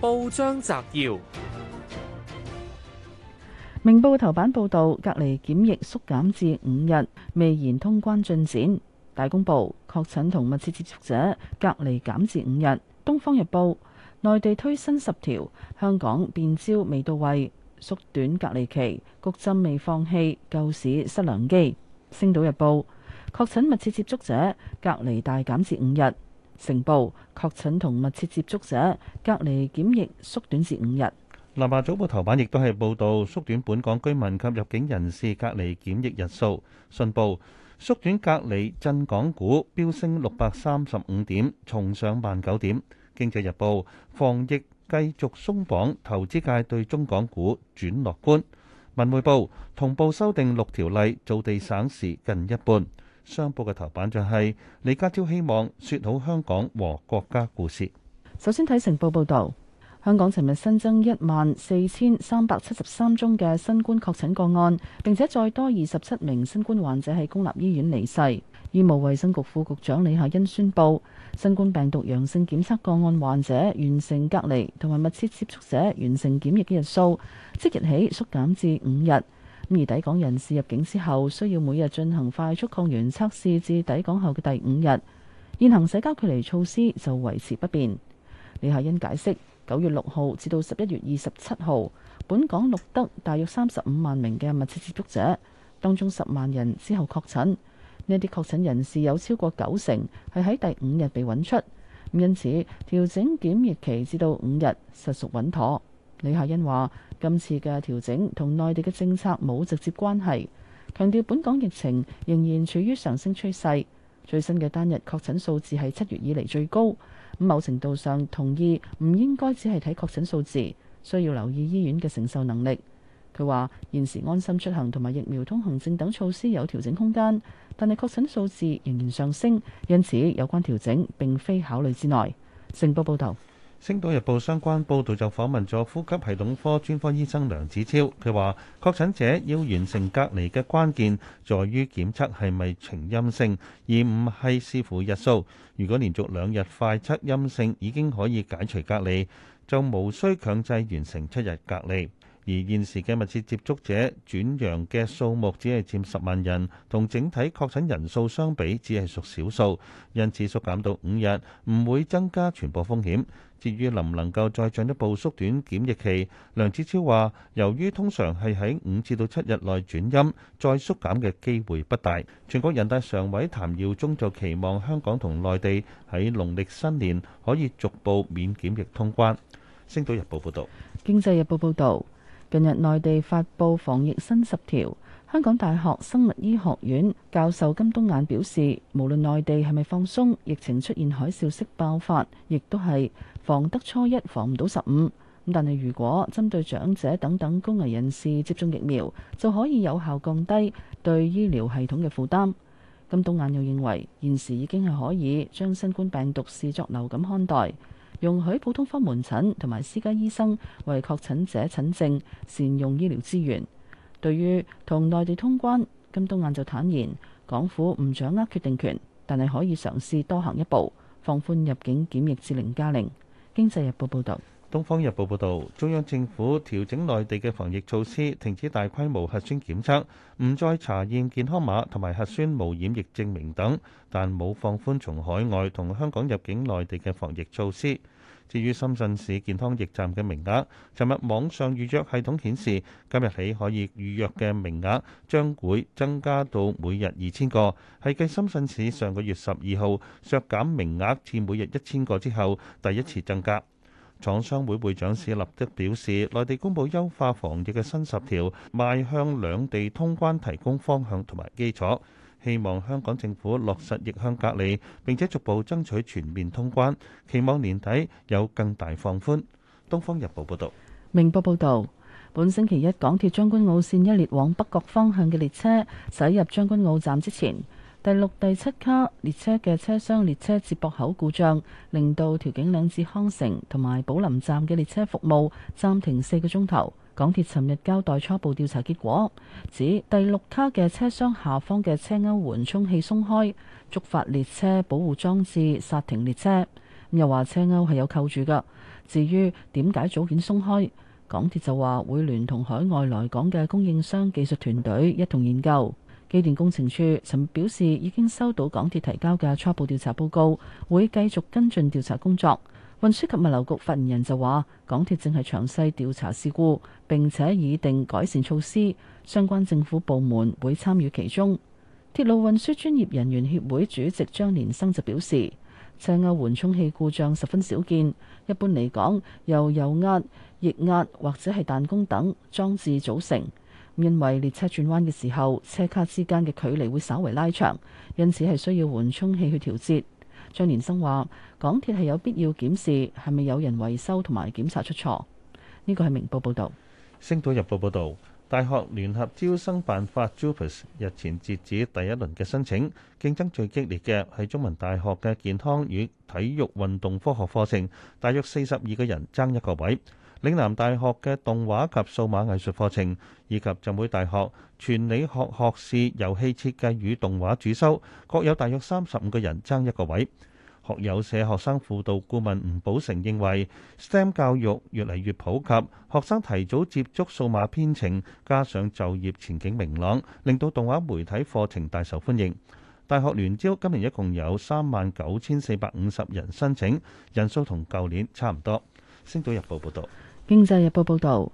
報章摘要：明報頭版報道，隔離檢疫縮減至五日，未言通關進展。大公報確診同密切接觸者隔離減至五日。東方日報內地推新十條，香港變焦未到位，縮短隔離期，焗針未放棄，救市失良機。星島日報確診密切接觸者隔離大減至五日。成報確診同密切接觸者隔離檢疫縮短至五日。南華早報頭版亦都係報導縮短本港居民及入境人士隔離檢疫日數。信報縮短隔離，震港股飆升六百三十五點，重上萬九點。經濟日報防疫繼續鬆綁，投資界對中港股轉樂觀。文匯報同步修訂六條例，造地省時近一半。商報嘅頭版就係李家超希望說好香港和國家故事。首先睇成報報導，香港尋日新增一萬四千三百七十三宗嘅新冠確診個案，並且再多二十七名新冠患者喺公立醫院離世。醫務衛生局副局長李夏欣宣布，新冠病毒陽性檢測個案患者完成隔離同埋密切接觸者完成檢疫嘅日數，即日起縮減至五日。而抵港人士入境之後，需要每日進行快速抗原測試至抵港後嘅第五日。現行社交距離措施就維持不變。李夏欣解釋，九月六號至到十一月二十七號，本港錄得大約三十五萬名嘅密切接觸者，當中十萬人之後確診。呢啲確診人士有超過九成係喺第五日被揾出，因此調整檢疫期至到五日實屬穩妥。李夏欣話：今次嘅調整同內地嘅政策冇直接關係，強調本港疫情仍然處於上升趨勢，最新嘅單日確診數字係七月以嚟最高。咁某程度上同意唔應該只係睇確診數字，需要留意醫院嘅承受能力。佢話現時安心出行同埋疫苗通行證等措施有調整空間，但係確診數字仍然上升，因此有關調整並非考慮之內。成報報道。星島日報相關報導就訪問咗呼吸系統科專科醫生梁子超，佢話：確診者要完成隔離嘅關鍵在於檢測係咪呈陰性，而唔係視乎日數。如果連續兩日快測陰性，已經可以解除隔離，就無需強制完成七日隔離。而現時嘅密切接觸者轉陽嘅數目只係佔十萬人，同整體確診人數相比，只係屬少數，因此縮減到五日唔會增加傳播風險。至於能唔能夠再進一步縮短檢疫期，梁志超話：由於通常係喺五至到七日內轉陰，再縮減嘅機會不大。全國人大常委譚耀宗就期望香港同內地喺農曆新年可以逐步免檢疫通關。星島日報報導，經濟日報報導，近日內地發佈防疫新十條。香港大學生物醫學院教授金冬雁表示，無論內地係咪放鬆，疫情出現海嘯式爆發，亦都係防得初一防唔到十五。咁但係如果針對長者等等高危人士接種疫苗，就可以有效降低對醫療系統嘅負擔。金冬雁又認為，現時已經係可以將新冠病毒視作流感看待，容許普通科門診同埋私家醫生為確診者診症，善用醫療資源。對於同內地通關，金冬雁就坦言，港府唔掌握決定權，但係可以嘗試多行一步，放寬入境檢疫至零加零。經濟日報報道，東方日報報道，中央政府調整內地嘅防疫措施，停止大規模核酸檢測，唔再查驗健康碼同埋核酸無染疫證明等，但冇放寬從海外同香港入境內地嘅防疫措施。至於深圳市健康驛站嘅名額，尋日網上預約系統顯示，今日起可以預約嘅名額將會增加到每日二千個，係繼深圳市上個月十二號削減名額至每日一千個之後第一次增加。廠商會會長史立德表示，內地公布優化防疫嘅新十條，邁向兩地通關提供方向同埋基礎。希望香港政府落實逆向隔離，並且逐步爭取全面通關，期望年底有更大放寬。《東方日報》報道。《明報》報道，本星期一港鐵將軍澳線一列往北角方向嘅列車駛入將軍澳站之前，第六、第七卡列車嘅車廂列車接駁口故障，令到調景嶺至康城同埋寶林站嘅列車服務暫停四個鐘頭。港鐵尋日交代初步調查結果，指第六卡嘅車廂下方嘅車鈎緩衝器鬆開，觸發列車保護裝置剎停列車。又話車鈎係有扣住㗎。至於點解組件鬆開，港鐵就話會聯同海外來港嘅供應商技術團隊一同研究。機電工程處曾表示已經收到港鐵提交嘅初步調查報告，會繼續跟進調查工作。運輸及物流局發言人就話，港鐵正係詳細調查事故，並且擬定改善措施，相關政府部門會參與其中。鐵路運輸專業人員協會主席張連生就表示，車鈎緩衝器故障十分少見，一般嚟講由油壓、液壓或者係彈弓等裝置組成。因為列車轉彎嘅時候，車卡之間嘅距離會稍為拉長，因此係需要緩衝器去調節。張連生話：港鐵係有必要檢視係咪有人維修同埋檢查出錯。呢個係明報報道。星島日報報道，大學聯合招生辦法 JUPAS 日前截止第一輪嘅申請，競爭最激烈嘅係中文大學嘅健康與體育運動科學課程，大約四十二個人爭一個位。嶺南大學嘅動畫及數碼藝術課程，以及浸會大學全理學學士遊戲設計與動畫主修，各有大約三十五個人爭一個位。學友社學生輔導顧問吳寶成認為，STEM 教育越嚟越普及，學生提早接觸數碼編程，加上就業前景明朗，令到動畫媒體課程大受歡迎。大學聯招今年一共有三萬九千四百五十人申請，人數同舊年差唔多。星島日報報導。經濟日報報導，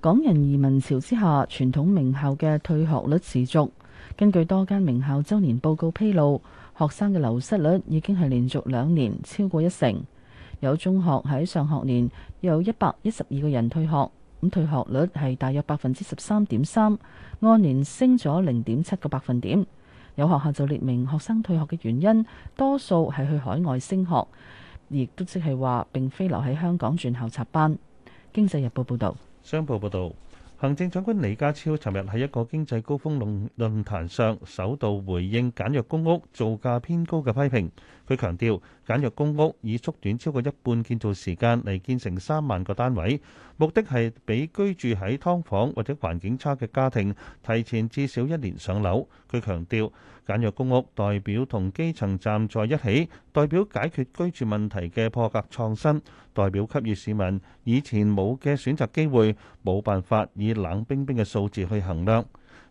港人移民潮之下，傳統名校嘅退學率持續。根據多間名校周年報告披露，學生嘅流失率已經係連續兩年超過一成。有中學喺上學年有一百一十二個人退學，咁退學率係大約百分之十三點三，按年升咗零點七個百分點。有學校就列明學生退學嘅原因，多數係去海外升學，亦都即係話並非留喺香港轉校插班。經濟日報報道，商報報道，行政長官李家超尋日喺一個經濟高峰論論壇上，首度回應簡約公屋造價偏高嘅批評。佢強調，簡約公屋以縮短超過一半建造時間嚟建成三萬個單位，目的係俾居住喺劏房或者環境差嘅家庭提前至少一年上樓。佢強調，簡約公屋代表同基層站在一起，代表解決居住問題嘅破格創新，代表給予市民以前冇嘅選擇機會，冇辦法以冷冰冰嘅數字去衡量。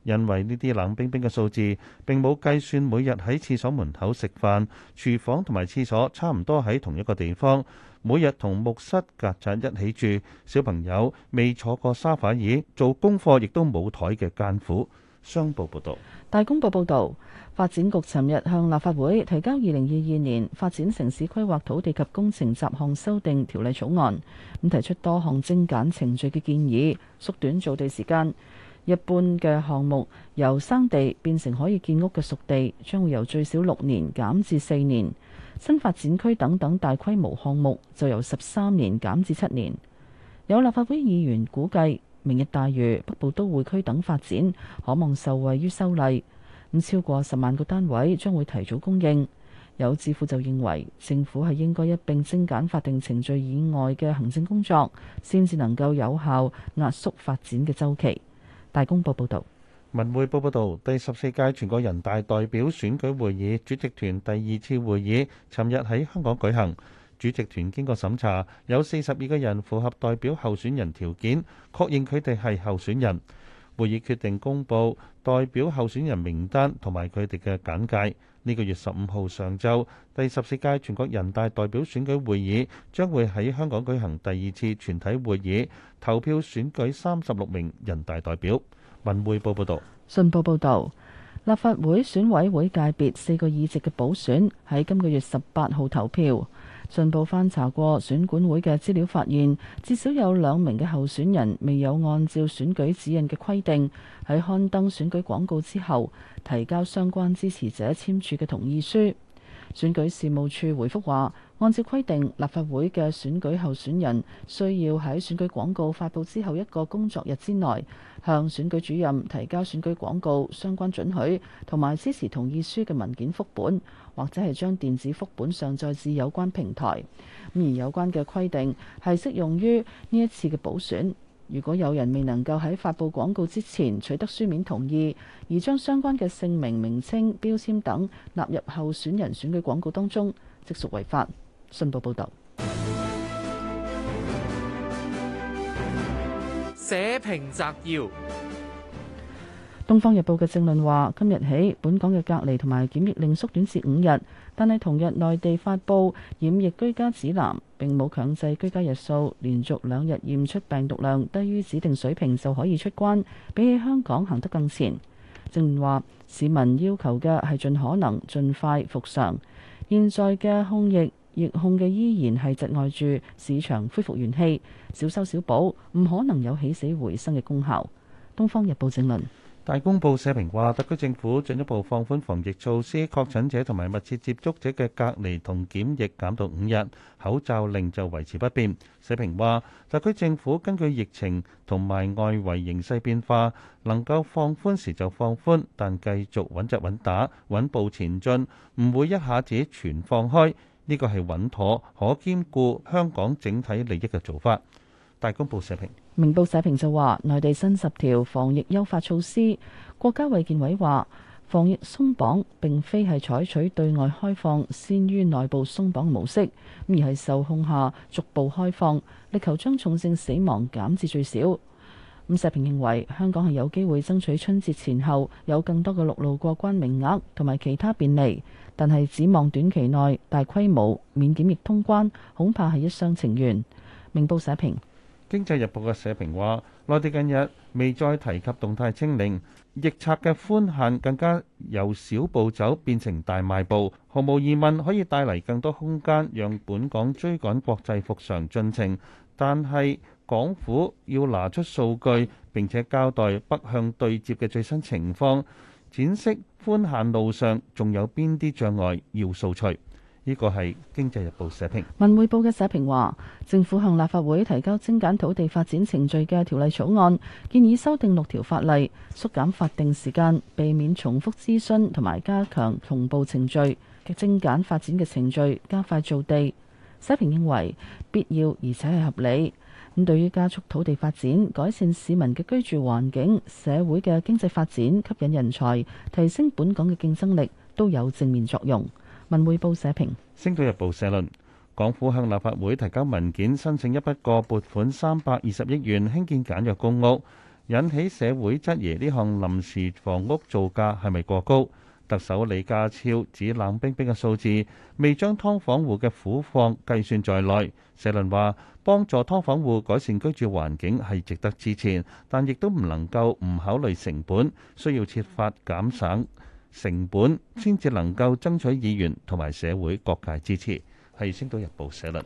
因為呢啲冷冰冰嘅數字並冇計算每日喺廁所門口食飯、廚房同埋廁所差唔多喺同一個地方，每日同木蝨曱甴一起住，小朋友未坐過沙發椅、做功課亦都冇枱嘅艱苦。商報報導，大公報報導，發展局尋日向立法會提交二零二二年發展城市規劃土地及工程雜項修訂條例草案，咁提出多項精簡程序嘅建議，縮短造地時間。一般嘅項目由生地變成可以建屋嘅熟地，將會由最少六年減至四年；新發展區等等大規模項目就由十三年減至七年。有立法會議員估計，明日大嶼北部都會區等發展可望受惠於修例，咁超過十萬個單位將會提早供應。有智庫就認為政府係應該一並精簡法定程序以外嘅行政工作，先至能夠有效壓縮發展嘅周期。大公報報道，文匯報報道，第十四屆全國人大代表選舉會議主席團第二次會議，尋日喺香港舉行。主席團經過審查，有四十二個人符合代表候選人條件，確認佢哋係候選人。會議決定公布代表候選人名單同埋佢哋嘅簡介。呢個月十五號上晝，第十四屆全國人大代表選舉會議將會喺香港舉行第二次全體會議，投票選舉三十六名人大代表。文匯報報道。信報報道，立法會選委會界別四個議席嘅補選喺今個月十八號投票。進步翻查過選管會嘅資料，發現至少有兩名嘅候選人未有按照選舉指引嘅規定，喺刊登選舉廣告之後提交相關支持者簽署嘅同意書。選舉事務處回覆話，按照規定，立法會嘅選舉候選人需要喺選舉廣告發布之後一個工作日之內，向選舉主任提交選舉廣告相關准許同埋支持同意書嘅文件副本。或者係將電子副本上載至有關平台，咁而有關嘅規定係適用於呢一次嘅補選。如果有人未能夠喺發佈廣告之前取得書面同意，而將相關嘅姓名、名稱、標籤等納入候選人選舉廣告當中，即屬違法。信報報導。社評摘要。《東方日報》嘅政論話：今日起，本港嘅隔離同埋檢疫令縮短至五日，但係同日內地發布染疫居家指南，並冇強制居家日數，連續兩日驗出病毒量低於指定水平就可以出關，比起香港行得更前。政論話：市民要求嘅係盡可能盡快復常，現在嘅控疫疫控嘅依然係窒礙住市場恢復元氣，小修小補，唔可能有起死回生嘅功效。《東方日報》政論。大公報社評話，特區政府進一步放寬防疫措施，確診者同埋密切接觸者嘅隔離同檢疫減到5大公報社評，明報社評就話內地新十條防疫優化措施，國家衛健委話防疫鬆綁並非係採取對外開放先於內部鬆綁模式，而係受控下逐步開放，力求將重症死亡減至最少。咁社評認為香港係有機會爭取春節前後有更多嘅陸路過關名額同埋其他便利，但係指望短期內大規模免檢疫通關恐怕係一廂情願，明報社評。經濟日報嘅社評話：內地近日未再提及動態清零，逆策嘅寬限更加由小步走變成大邁步，毫無疑問可以帶嚟更多空間，讓本港追趕國際復常進程。但係港府要拿出數據，並且交代北向對接嘅最新情況，展示寬限路上仲有邊啲障礙要掃除。呢個係《經濟日報》社評。《文匯報》嘅社評話，政府向立法會提交精簡土地發展程序嘅條例草案，建議修訂六條法例，縮減法定時間，避免重複諮詢同埋加強同步程序嘅精簡發展嘅程序，加快造地。社評認為必要而且係合理。咁對於加速土地發展、改善市民嘅居住環境、社會嘅經濟發展、吸引人才、提升本港嘅競爭力，都有正面作用。文匯報社評，《星島日報》社論：港府向立法會提交文件申請一筆過撥款三百二十億元興建簡約公屋，引起社會質疑。呢項臨時房屋造價係咪過高？特首李家超指冷冰冰嘅數字未將劏房戶嘅苦況計算在內。社論話，幫助劏房戶改善居住環境係值得支持，但亦都唔能夠唔考慮成本，需要設法減省。成本先至能夠爭取議員同埋社會各界支持，係《星島日報》社論。